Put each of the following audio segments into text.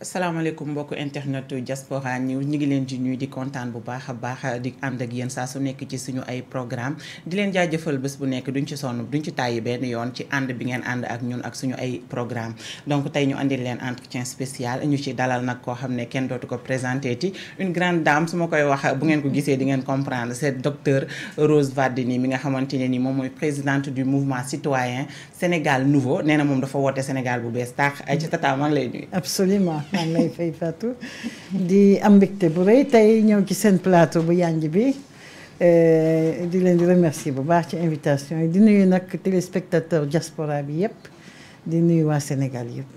asalaamaaleykum mbokku internet diaspora ñu ñu ngi leen di ñuy di kontaan bu baax a baax di ànd ak yéen saa su nekk ci suñu ay programme di leen jaajëfal bés bu nekk duñ ci sonn duñ ci tàyyi benn yoon ci ànd bi ngeen ànd ak ñun ak suñu ay programme donc tey ñu andil leen entretien spécial ñu ci dalal nag koo xam ne kenn dootu ko présenté ti une grande dame su ma koy wax bu ngeen ko gisee di ngeen comprendre seet docteur Rose Wardini mi nga xamante ne ni moom mooy présidente du mouvement citoyen Sénégal nouveau nee na moom dafa woote Sénégal bu bees taax ay ci tata maa ngi maa ngi lay fay Fatou di am mbégte bu rëy tey ñëw ci seen plateau bu yànj bi euh, di leen di remercier bu baax ci invitation yi di nuyu nag téléspectateur diaspora bi yëpp di nuyu waa Sénégal yëpp.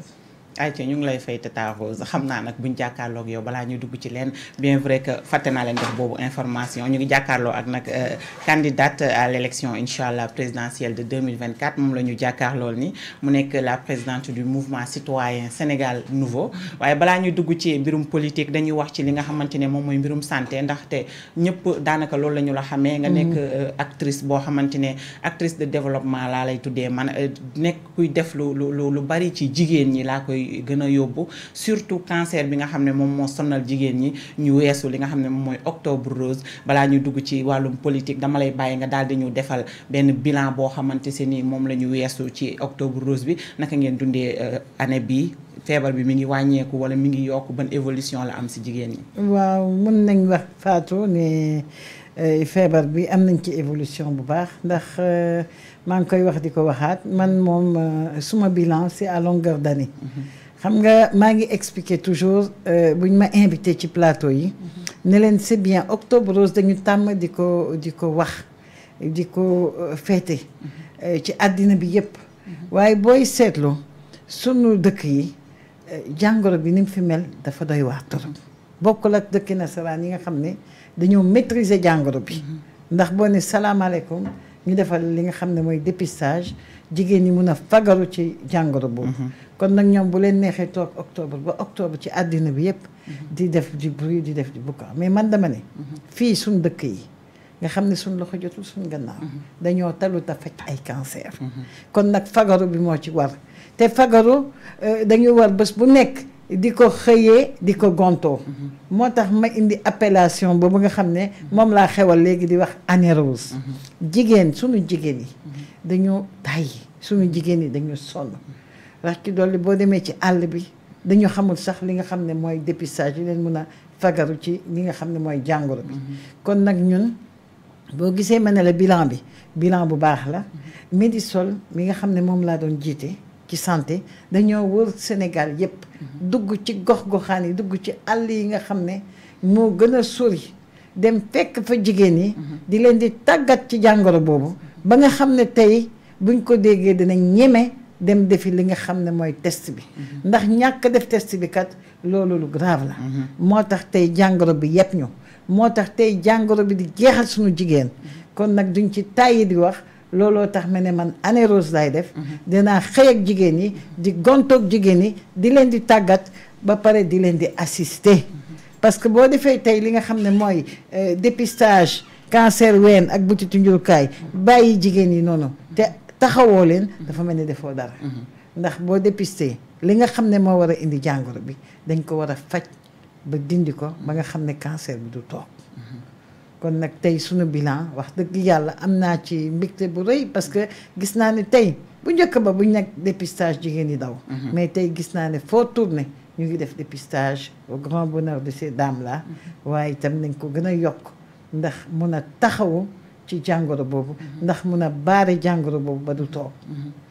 ayca ñu ngi lay fay Tata xam naa nag buñ jàkkaarloog yow balaa ñu dugg ci leen bien vrai que fàtte naa leen def boobu information ñu ngi jàkkaarloo ak nag euh, candidate à l' incha allah présidentielle de 2024 moom la ñu jàkkaarlool ni mu nekk la présidente du mouvement citoyen Sénégal nouveau waaye balaa ñu dugg ci mbirum politique dañuy wax ci li nga xamante ne moom mooy mbirum santé ndaxte ñëpp daanaka loolu la ñu la xamee nga nekk mm-hmm. euh, actrice boo xamante ne actrice de développement laa lay tuddee man euh, nekk kuy def lu lu lu bari ci jigéen ñi koy gën a yóbbu surtout cancer bi nga xam ne moom moo sonal jigéen ñi ñu weesu li nga xam ne moom mooy octobre rose balaa ñu dugg ci wàllum politique dama lay bàyyi nga daal di ñu defal benn bilan boo xamante se ni moom la ñu weesu ci octobre rose bi naka ngeen dundee euh, année bi feebar bi mi ngi wàññeeku wala mi ngi yokk ban évolution la am si jigéen ñi. waaw mën nañ wax Fatou ne euh, feebar bi am nañ ci évolution bu baax ndax euh, maa ngi koy wax di ko waxaat man moom suma bilan c'est xam nga maa ngi expliquer toujours euh, bu ñu ma invité ci plateau yi. Mhm. ne leen c'est bien octobre rose dañu tàmm di ko di ko wax di ko euh, féete. Mhm. Euh, ci àddina bi yépp. Mhm. waaye booy seetlu sunu dëkk yi jàngoro bi ni mu fi mel dafa doy waar torop bokkul ak dëkki nasaraan yi nga xam ne dañoo maîtriser jàngoro bi. ndax boo ne salaamaaleykum ñu defal li nga xam ne mooy dépistage jigéen ñi mun a fagaru ci jàngoro boobu. kon nag ñoom bu leen neexee toog octobre ba octobre ci àddina bi yëpp. di def di bruit di def di boucan mais man dama ne. fii suñ dëkk yi nga xam ne suñ loxo jotul suñ gannaaw. dañoo talut a faj ay cancer. kon nag fagaru bi moo ci war te fagaru dañu war bés bu nekk. di ko xëyee di ko gontoo moo tax ma indi appellation boobu nga xam ne moom laa xewal léegi di wax année rose jigéen sunu jigéen yi dañoo tàyyi sunu jigéen yi dañu sonn rax ci dolli boo demee ci àll bi dañu xamul sax li nga xam ne mooy dépistage yi leen mun a fagaru ci li nga xam ne mooy jàngoro bi mm-hmm. kon nag ñun boo gisee ma ne la bilan bi bilan bu baax la Medisol mm-hmm. mi nga xam ne moom laa doon jiite ci santé dañoo wër Sénégal yépp mm-hmm. dugg ci gox-goxaan yi dugg ci àll yi nga xam ne moo gën a sori dem fekk fa jigéen yi di leen di tàggat ci jàngoro boobu ba nga xam ne tey buñ ko déggee dinañ ñeme dem defi li nga xam ne mooy test bi mhm. ndax ñàkk def test bi kat loolu lu grave la mhm. moo tax tey jàngoro bi yëpp ñu moo tax tey jàngoro bi di jeexal suñu jigéen mhm. kon nag duñ ci tàyyi di wax looloo tax ma ne man année rose lay def dinaa xëy ak jigéen yi di gontoog jigéen yi di leen di tàggat ba pare di leen di assister parce que boo defee tey li nga xam ne mooy euh, dépistage cancer ween ak butitu njurukaay bàyyi jigéen yi noonu te taxawoo dafa mel ni defoo dara ndax boo dépisté li nga xam ne moo war a indi jàngoro bi dañ ko war a faj ba dindi ko ba nga xam ne cancer bi du toog kon nag tey sunu bilan wax dëgg yàlla am naa ci mbégte bu rëy parce que gis naa ne tey bu njëkk ba bu nag dépistage jigéen yi daw mais tey gis naa ne foo tourné ñu ngi def dépistage au grand bonheur de ces dames là waaye itam nañ ko gën a yokk ndax mun a taxawu ci jàngoro boobu ndax mun a baare jàngoro boobu ba du toog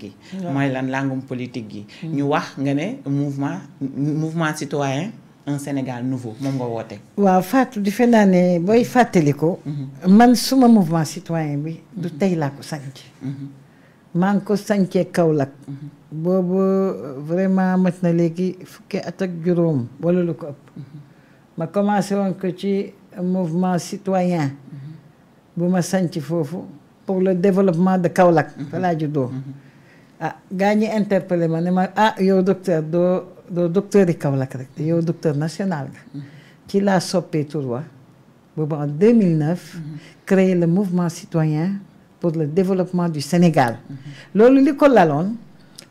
gi mooy lan langum politique gi hmm. ñu wax nga né mouvement mouvement citoyen un Sénégal nouveau mom nga woté wa Fatou defe naa boy booy fàttaliko hmm. man suma mouvement citoyen bi du hmm. tay la ko sanc man ko sancee Kaolack boobu vraiment mat na légui fuké at ak juróom wala lu ko ëpp ma commencé woon ko ci mouvement citoyen bu ma sanc foofu pour le développement de Kaolack fa laa juddoo ah gagne ñi interpellé ma ma ah yow docteur do doo docteur yi Kaolack rek yo docteur national Qui mm-hmm. l'a laa soppee tur wa boobu en 2009 mm-hmm. créé le mouvement citoyen pour le développement du Sénégal mm-hmm. loolu li ko laloon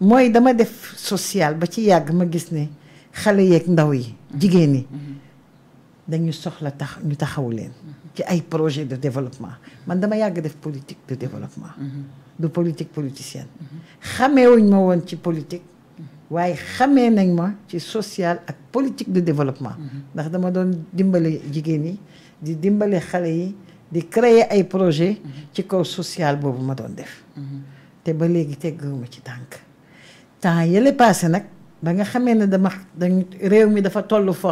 mooy dama def social ba ci yàgg ma gis ne xale yeeg ndaw yi jigéen dañu soxla tax ñu taxaw leen ci ay projet de développement man dama yàgg def politique de développement mm-hmm. de politique politicienne xameewuñ ma woon ci politique waaye xamee nañ ma ci social ak politique de développement mm-hmm. ndax dama doon dimbale jigéen yi di dimbale créer ay projet mm-hmm. ci kaw social boobu ma doon def te ba léegi ci tànk temps yële passé nag ba nga xamee ne dama réew mi dafa toll foo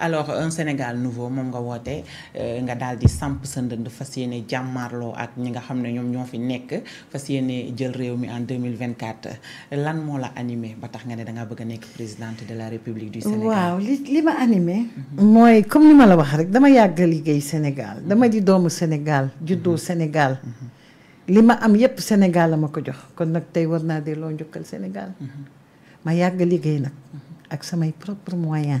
alors un Sénégal nouveau moom nga woote euh, nga daal di samp sa ndënd fas yéene jàmmaarloo ak ñi nga xam ne ñoom nekk fas jël réew en 2024 lan moo la animé ba tax nga ne da nga bëgg nekk présidente de la République du Sénégal. Wow, li li ma animé. mooy comme ni ma la wax rek dama yàgg liggéey Sénégal dama di doomu Sénégal juddoo mhm. Sénégal. Mhm. li am yépp Sénégal la ma ko jox kon nag tey war naa delloo njukkal Sénégal mhm. ma yàgg liggéey nag ak samay propre moyen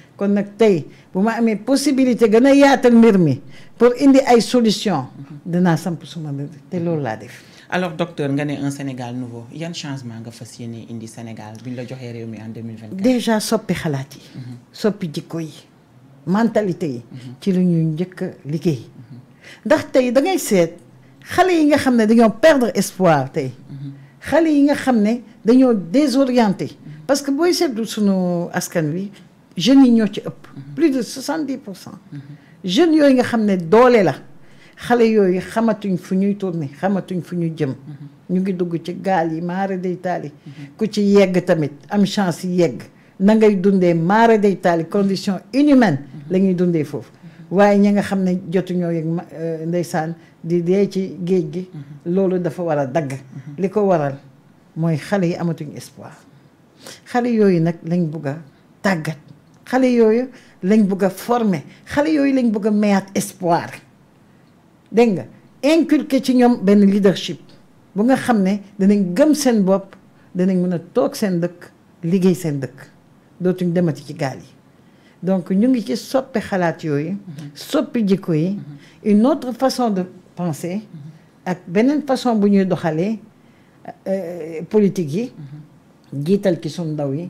kon nag tey bu ma possibilité gëna yaatal mbir mi pour indi ay solution dinaa samp suma te loolu laa def alors docteur nga ne un Sénégal nouveau yane changement nga fas yéene indi Sénégal bi la joxé réew mi en 2024 déjà soppi xalaat yi mhm. soppi jikko yi mentalité yi mhm. ci lu ñu njëkk a liggéey mhm. ndax tay da ngay sét xalé yi nga xamné ne perdre espoir tay xalé yi nga xamné ne désorienté parce que boy seetlu sunu askan wi jeunes yi ñoo ci ëpp. plus de 70 jeune cent. yooyu nga xam ne doole la xale yooyu xamatuñ fu ñuy tourné xamatuñ fu ñu jëm. ñu ngi dugg ci gaal yi maara day taali. ku ci yegg tamit am chance yegg na ngay dundee maara day taali condition inhumaine la ñuy dundee foofu. waaye ñi nga xam ne jotuñoo yëg euh, ndeysaan di dee ci géej gi. loolu dafa war a dagg. li ko waral mooy xale yi amatuñ espoir xale yooyu nag lañ bugg a tàggat xalé yooyu lañ bëgg a former xale yooyu lañ bëgg a mayaat espoir dégg nga inculquer ci ñoom benn leadership bu nga xam ne danañ gëm seen bopp danañ mën a toog seen dëkk liggéey seen dëkk dootuñ demati ci gaal yi donc ñu ngi ci soppi xalaat yooyu mhm. soppi jikko yi mhm. une autre façon de penser mhm. ak beneen façon bu ñuy doxalee euh, politique yi jiital ki suñ ndaw yi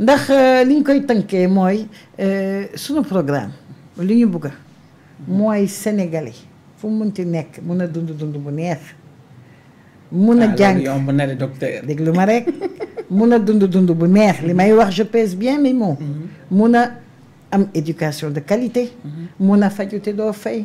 ndax euh, li koy tënkee mooy euh, suñu programme li sénégalais fu mu munti nekk mun bu neex. a docteur. rek je pèse bien mes mots. Mhm. mun am éducation de qualité. Mhm. mun faculté une fay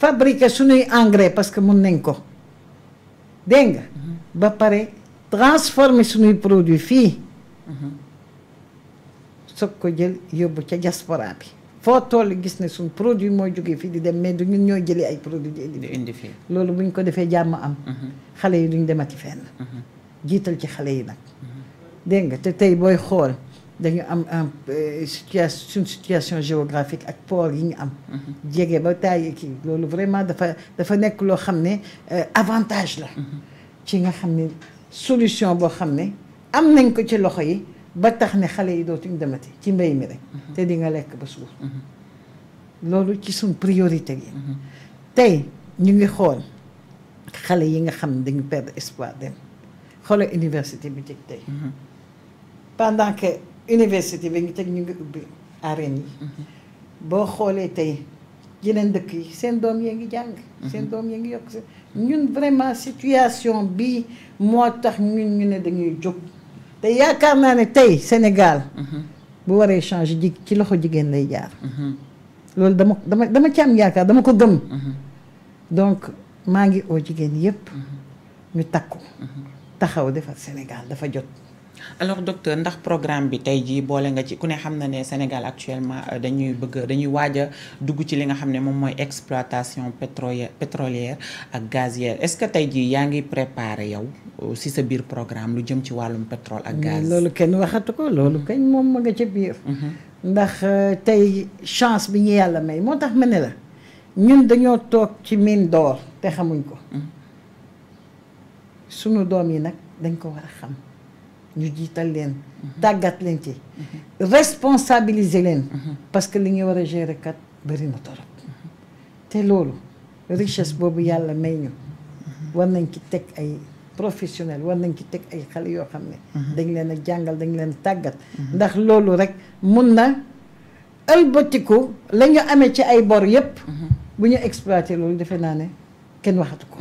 fabriquer suñuy engrais parce que mun nañ ko dégg nga ba pare transformer suñuy produit fii soog ko jël yóbbu ca diaspora bi foo toll gis ne suñ produit mooy jógee fii di dem mais du ñun ñooy jëlee ay produit di indi fii loolu buñ ko defee jàmm am mhm. xale yi duñ demati fenn mhm. jiital ci xale yi nag dégg nga te tey booy xool dañu am am euh, situation suñ situation géographique ak port yi ñu am. Mhm. jege ba taay kii loolu vraiment dafa dafa nek lo xam ne euh, avantage la. Mhm. ci nga xam ne solution boo xam ne am nañ ko ci loxo yi ba tax ne xale yi dootuñ demati ci mbay mi rek. Mhm. te di nga lekk ba suur. loolu ci suñ priorité yi. tey ñu ngi xool xale yi nga xam ne dañu perdre espoir dem xoolal université bi teg tey. pendant que université bi ngi ubbi arène yi mhm. boo xoolee tey yeneen dëkk yi seen jàng mhm. vraiment situation bi moo tax ñun ñu dañuy te yaakaar naa ne tey Sénégal mhm. bu waree ci loxo jigéen lay jaar loolu dama dama ci am yaakaar dama ko gëm donc maa ngi oo jigéen Sénégal dafa alors docteur ndax programme bi tay ji boole nga ci ku ne xam na ne Sénégal actuellement euh, dañuy bëgg dañuy waja a dugg ci li nga xam mom moy exploitation pétrolière pétrolière ak gazière est-ce que tay ji ya ngi préparé yow euh, si sa bir programme lu jëm ci walum pétrole ak gaz. Lolu kenn waxatu ko loolu mm-hmm. kañ moom ma nga ci bir. Mm-hmm. ndax euh, tay chance bi ñi Yalla may moo tax ma la ñun dañoo tok ci mine d'or te xamuñ ko. Mm-hmm. Suñu doom yi nak dañ ko war a xam. ñu jiital leen tàggat leen ci responsabiliser leen parce que li ñu war a gérer kat bëri na torop te loolu richesse boobu yàlla may ñu war nañ ci teg ay professionnel war nañ ci teg ay xale yoo xam ne dañ leen a jàngal dañ leen tàggat ndax loolu rek mun na ëlbatiku la ñu amee ci ay bor yépp bu ñu exploité loolu defe naa ne kenn waxatu ko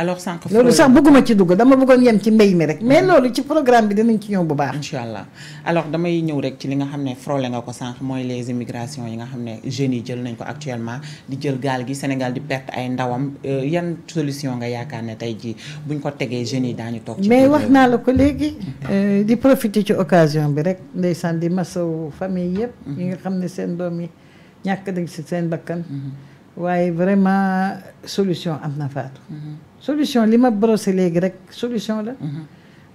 alors sànq. loolu sax bëgguma ci dugg dama bëggoon yem ci mbéy mi rek. mais mm. loolu ci programme bi dinañ ci ñëw bu baax. incha allah alors damay ñëw rek ci li nga xam ne nga ko sànq mooy les immigrations yi nga xam ne jeunes yi jël nañ ko actuellement di jël gaal gi Sénégal di perte ay ndawam euh, yan solution nga yaakaar ne tey jii buñ ko tegee jeunes yi daañu toog. ci mais wax naa la ko léegi. Euh, di profiter ci occasion bi rek ndeysaan di famille yëpp. Mm-hmm. yi nga xam ne seen doom yi ñàkk dañ si seen bakkan. Mm-hmm. waaye vraiment solution am na faatu. Mm-hmm solution li ma brossé légui rek solution la. Mhm.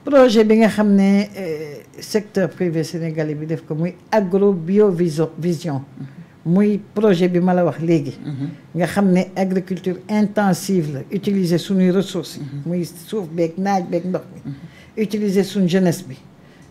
projet bi nga xamné le euh, secteur privé sénégalais bi def ko muy agro bio vision. Mhm. muy projet bi mala wax légui mhm. nga xamné agriculture intensive utiliser suñuy ressources. muy suuf beeg naaj ndox utiliser suñ jeunesse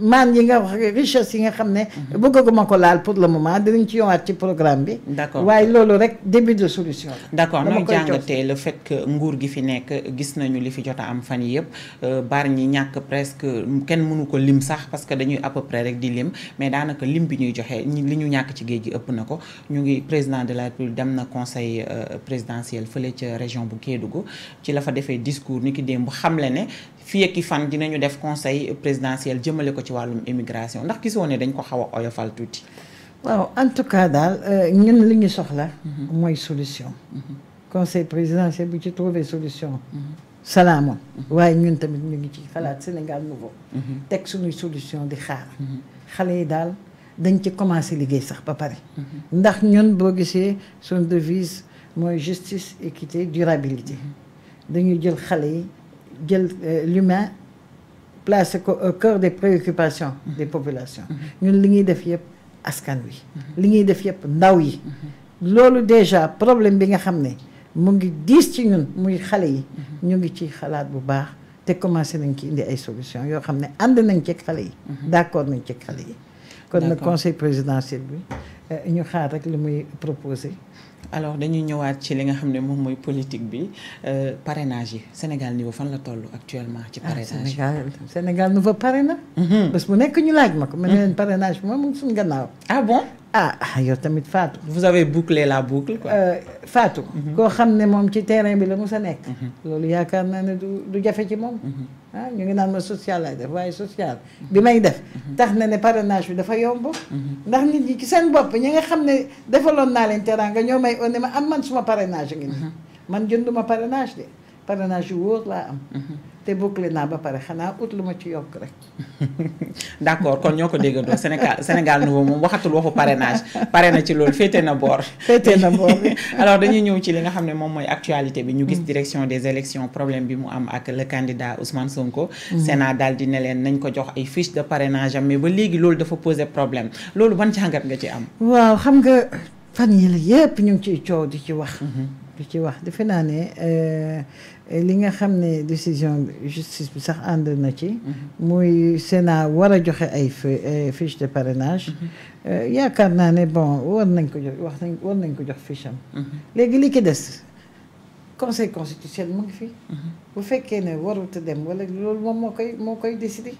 maan yi nga wax richesse yi nga xam ne mhm. bëggaguma ko laal pour le moment dinañ ci yowaat ci programme bi d'accord waaye loolu rek début de solution d'accord nooy jàngatee le fait que nguur gi fi nekk gis nañu li fi jot a am fan yi yëpp euh, bar ñi ñàkk presque kenn mënu ko lim sax parce que dañuy à peu rek di lim mais daanaka lim bi ñuy joxe li ñu ñàkk ci géej gi ëpp na ko ñu ngi président de la République dem na conseil euh, présidentiel fële ca région bu Kédougou ci la fa defee discours ni ki démb xamle ne fii ak fan dinañu def conseil présidentiel jëmele ko ci walum immigration ndax gisoo dañ ko xawa a oyofal tuuti. waaw en tout cas dal, euh, ñun li ñu soxla. moy mhm. solution. Mhm. conseil présidentiel bu ci trouver solution. Mhm. salam waaye ñun tamit ñu ngi ci xalaat Sénégal nouveau tek suñu solution di xaar. xalé yi daal dañ ci commencé liggéey sax ba pare. ndax ñun bo gisee suñu devise moy justice équité durabilité dañu jël xalé yi. Euh, l'humain place au cœur des préoccupations mm-hmm. des populations une ligne de def à askan wi mm-hmm. def ndaw mm-hmm. déjà problème bi nga ngi ci ñun nous bu baax te commencé avons de ay solution d'accord conseil présidentiel nous euh, ñu proposé alors dañuy ñëwaat ci li nga xam ne moom mooy politique bi euh, parrainage Sénégal niveau fan la toll actuellement. ci ah, parrainage Sénégal Sénégal nouveau parrain. parce que mhm. bu nekk ñu laaj ma ko. ma mhm. parrainage bi moom suñu gannaaw. ah bon ah, ah yow tamit Fatou. vous avez bouclé la boucle quoi. Euh, Fatou. Mhm. koo xam ne moom ci terrain bi la mu sa nekk. loolu yaakaar naa ne du du ci moom. ah ñu ngi naan ma social laay def waaye social bi may def tax na ne parenage bi dafa yomb ndax nit ñi ci seen bopp ñi nga xam ne defaloon naa leen teraanga ñoo may one ma am man suma parrainage ngi nii man jënduma parrainage de parenage yu wóor laa am te bouclé naa ba pare xanaa ut lu ma ci yok rek. d'accord kon ñoko dégg do Sénégal Sénégal nouveau mom waxatul waxu parrainage pare na ci lool fété na bor fété na boor alors dañuy ñëw ci li nga xamné mom moy actualité bi. ñu gis mm. direction des élections problème bi mu am ak le candidat Ousmane Sonko. Mm. Sénat dal di ne leen nañ ko jox ay fiche de parrainage am mais ba légui lool dafa poser problème lool ban jàngat nga ci am. waaw xam nga fan yi la yépp ñu ci ciow di ci wax. Mm-hmm. di ci wax na né euh li nga xam ne décision justice bi sax and na ci mhm. muy Sénat wara a joxe ay fiche de parrainage mhm. euh, yaakaar naa ne bon war nañ ko jox wax nañ war nañ ko jox fiche am mhm. léegi li ki des conseil constitutionnel mu ngi fi bu fekkee ne warut a dem wala loolu moom moo koy moo koy décider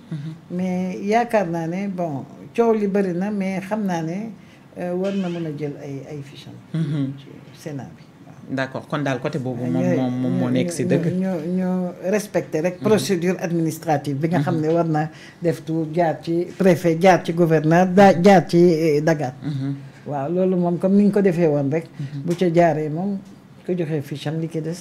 mais yaakaar naa ne bon coow li bëri na mais xam naa ne euh, war na mën a jël ay ay fiche am ci Sénat bi d' accord kon daal côté boobu moom moom moo nekk si dëgg. ñu ñu respecté rek. Mhm. procédure administrative bi nga xam mhm. ne war na def tout jaar ci préfet jaar ci gouverneur daa jaar ci eh, dagat mhm. waaw loolu moom comme ni ñu ko defee woon rek. bu ca jaaree moom ko joxee fiche am li ki des.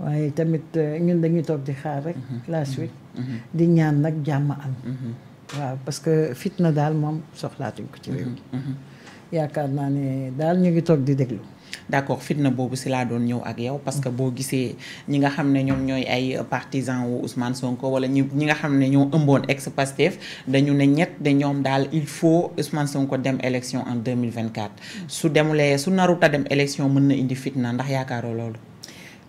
waaye tamit eh, ñun dañuy toog di xaar rek mhm. la suite mhm. mhm. di ñaan nag jàmm am waaw parce que fitna daal moom soxlaatuñ ko ci réew yaakaar naa ne daal ñu ngi toog di déglu d'accord fitna boobu si laa doon ñëw ak yow parce que boo gisee ñi nga xam ne ñoom ñooy ay partisans wu Ousmane Sonko wala ñi ñi nga xam ne ñoo ëmboon ex Pastef dañu ne ñett de ñoom daal il faut Ousmane Sonko dem élection en 2024 mm. su demulee su naruta dem élection mën na indi fitna ndax yaakaaroo loolu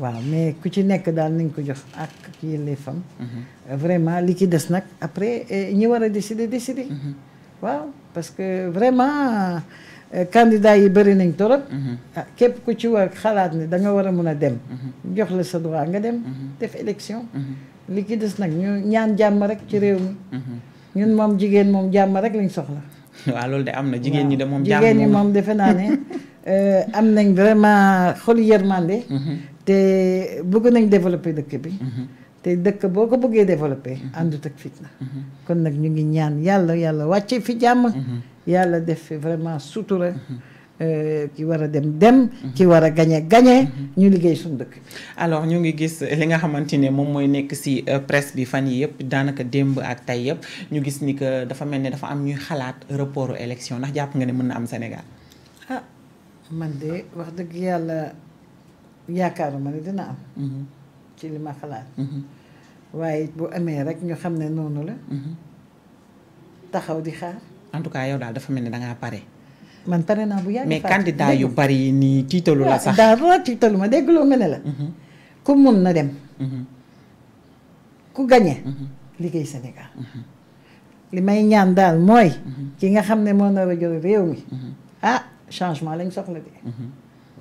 waaw mais ku ci nekk daal nañ ko jox ak yële fam mhm. euh, vraiment li ci des nag après euh, ñi war a décider décider. Mhm. waaw parce que vraiment euh, candidat yi bëri nañ torop mhm. ah, képp ku ci war xalaat ni da war a mun a dem. jox la sa droit nga dem. def élection. li ci des nag ñu ñaan jàmm rek ci réew mi. ñun moom jigéen moom jàmm rek lañ soxla. waaw loolu de am na jigéen ñi de moom. jàmm jigéen moom defe naa ne. am nañ vraiment xolu yërmande. te bëgg nañ développer dëkk bi te dëkk boo ko bëggee développer àndut fitna kon nak ñu ngi ñaan yalla yalla wacce fi jamm yalla def fi vraiment suture ki war dem dem. ki war a gañe ñu liggéey sun dëkk. alors ñu ngi gis li nga xamantene mom moy nekk ci presse bi fan yi yëpp daanaka ak tay yépp ñu gis ni que dafa melni dafa am ñuy xalaat report élection ndax japp nga ne mëna am Sénégal. ah man de wax dëgg yalla Ya, man di na am mm-hmm. ci li ma xalaat mm-hmm. waaye bu amee rek ñu xam ne noonu la mm-hmm. taxaw di xaar en tout cas yow daal dafa mel da dangaa pare man pare naa bu yàgg mais candidat yu bari ni nii tiitalu la sax dara tiitalu ma déggloo ma ne la ku mun na dem ku gagné liggéey Sénégal li may ñaan daal mooy ki nga xam ne moo nar a jël réew mi ah changement lañ soxla de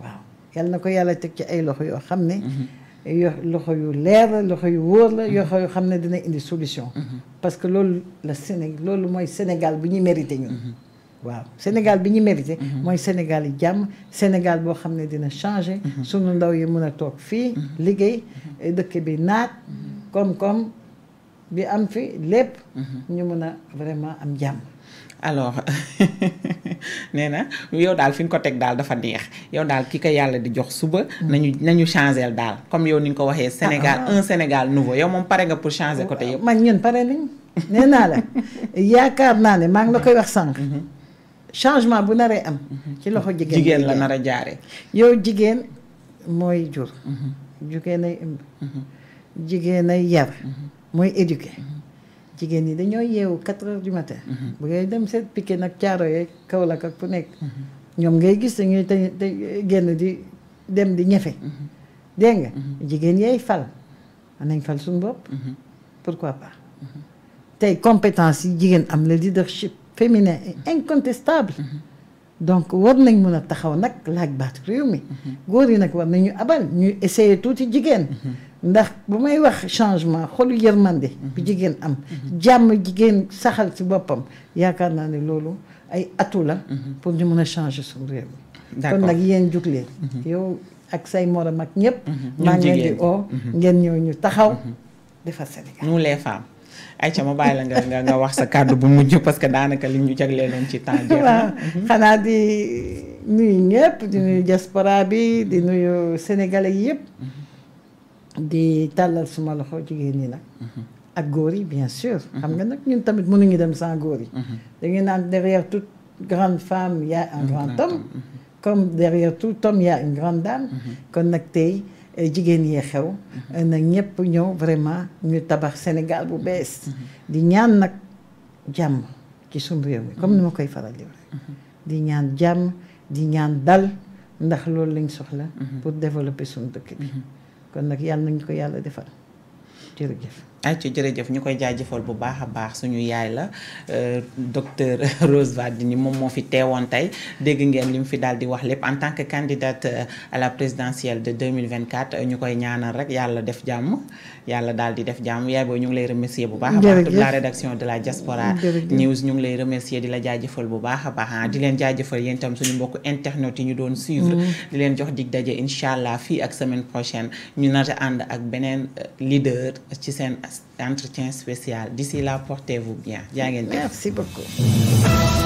waaw yal na ko yàlla teg ci ay loxo yoo xam mhm. yo loxo yu leer la loxo yu wóor la mhm. yoo xam ne dina indi solution. Mhm. parce que loolu la sénégal loolu moy Sénégal bi ñi mérité ñun. waaw Sénégal bi ñi mérité. moy Sénégal yi jàmm Sénégal bo xam dina changer sunu ndaw yi mëna tok fi fii. liggéey eh, dëkk bi naat. koom-koom bi am fi lepp ñu mëna vraiment am jàmm alors nee na yow daal fi nga ko teg daal dafa neex yow daal ki ko yàlla di jox suba. Mm. nañu comme yow ni ko Sénégal ah, ah. un Sénégal nouveau yow moom pare nga pour changer côté yëpp. Oh, man ñun pare nañ nee naa la yaakaar ne ngi koy mm-hmm. changement bu naree am. Mm-hmm. loxo la a yow jigéen mooy jur. Mm-hmm. jigéen ay jigéen jigéen ñi dañoo yeewu quatre heures du matin. Mhm. bu ngay dem seet piqué nag caaro yeeg Kaolack ak fu nekk. Mhm. ñoom ngay gis dañuy génn di dem di ñefe. Mhm. dégg nga. jigéen yay fal nañ fal suñu bopp. pourquoi pas. tey compétence yi jigéen am le leadership féminin incontestable. donc war nañ mën a taxaw nag laaj baat réew mi. góor yi nag war nañu abal ñuy essayer tuuti jigéen ndax bu may wax changement xolu yërmande bi mhm. jigéen am mhm. jàmm jigéen saxal ci boppam mhm. pour ñu changer suñu réew kon nag yéen yow ak say morom ak ñëpp maa ngi di ngeen ñu taxaw Sénégal nous les femmes Aïcha ma la nga nga wax sa kàddu bu parce que daanaka li ñu ci temps di di sénégalais di tàllal suma qui jigéen ñi mhm. ak bien sûr. Mhm. xam nga nag ñun tamit mhm. derrière toute grande femme y' a un grand homme. comme derrière tout homme y' a une grande dame. kon nag tey eh, xew. Eh, nag ñëpp ñëw vraiment ñu tabax Sénégal bu bees. di ñaan nag jàmm ci sun réew comme ni ma koy di ñaan di ñaan dal ndax loolu lañ soxla. pour développer son dëkk kon nag yàlla nañu ko yàlla defal jërëjëf. ayca jëf ñu koy jaajëfal bu baax a baax suñu yaay la euh, docteur Rose ni moom moo fi teewoon tey dégg ngeen li mu fi daal di wax lépp en tant que candidate euh, à la présidentielle de 2024 euh, ñu koy ñaanal rek yàlla def jàmm yàlla daal di def jàmm yaay booy ñu ngi lay remercier bu baax a baax toute la rédaction de la diaspora news ñu ngi lay remercier di la jaajëfal bu baax a baax di leen jaajëfal yéen itam suñu mbokk internet yi ñu doon suivre mm. di leen jox dig daje incha allah fii ak semaine prochaine ñu nar ak beneen leader ci seen entretien spécial. D'ici là, portez-vous bien. Merci beaucoup.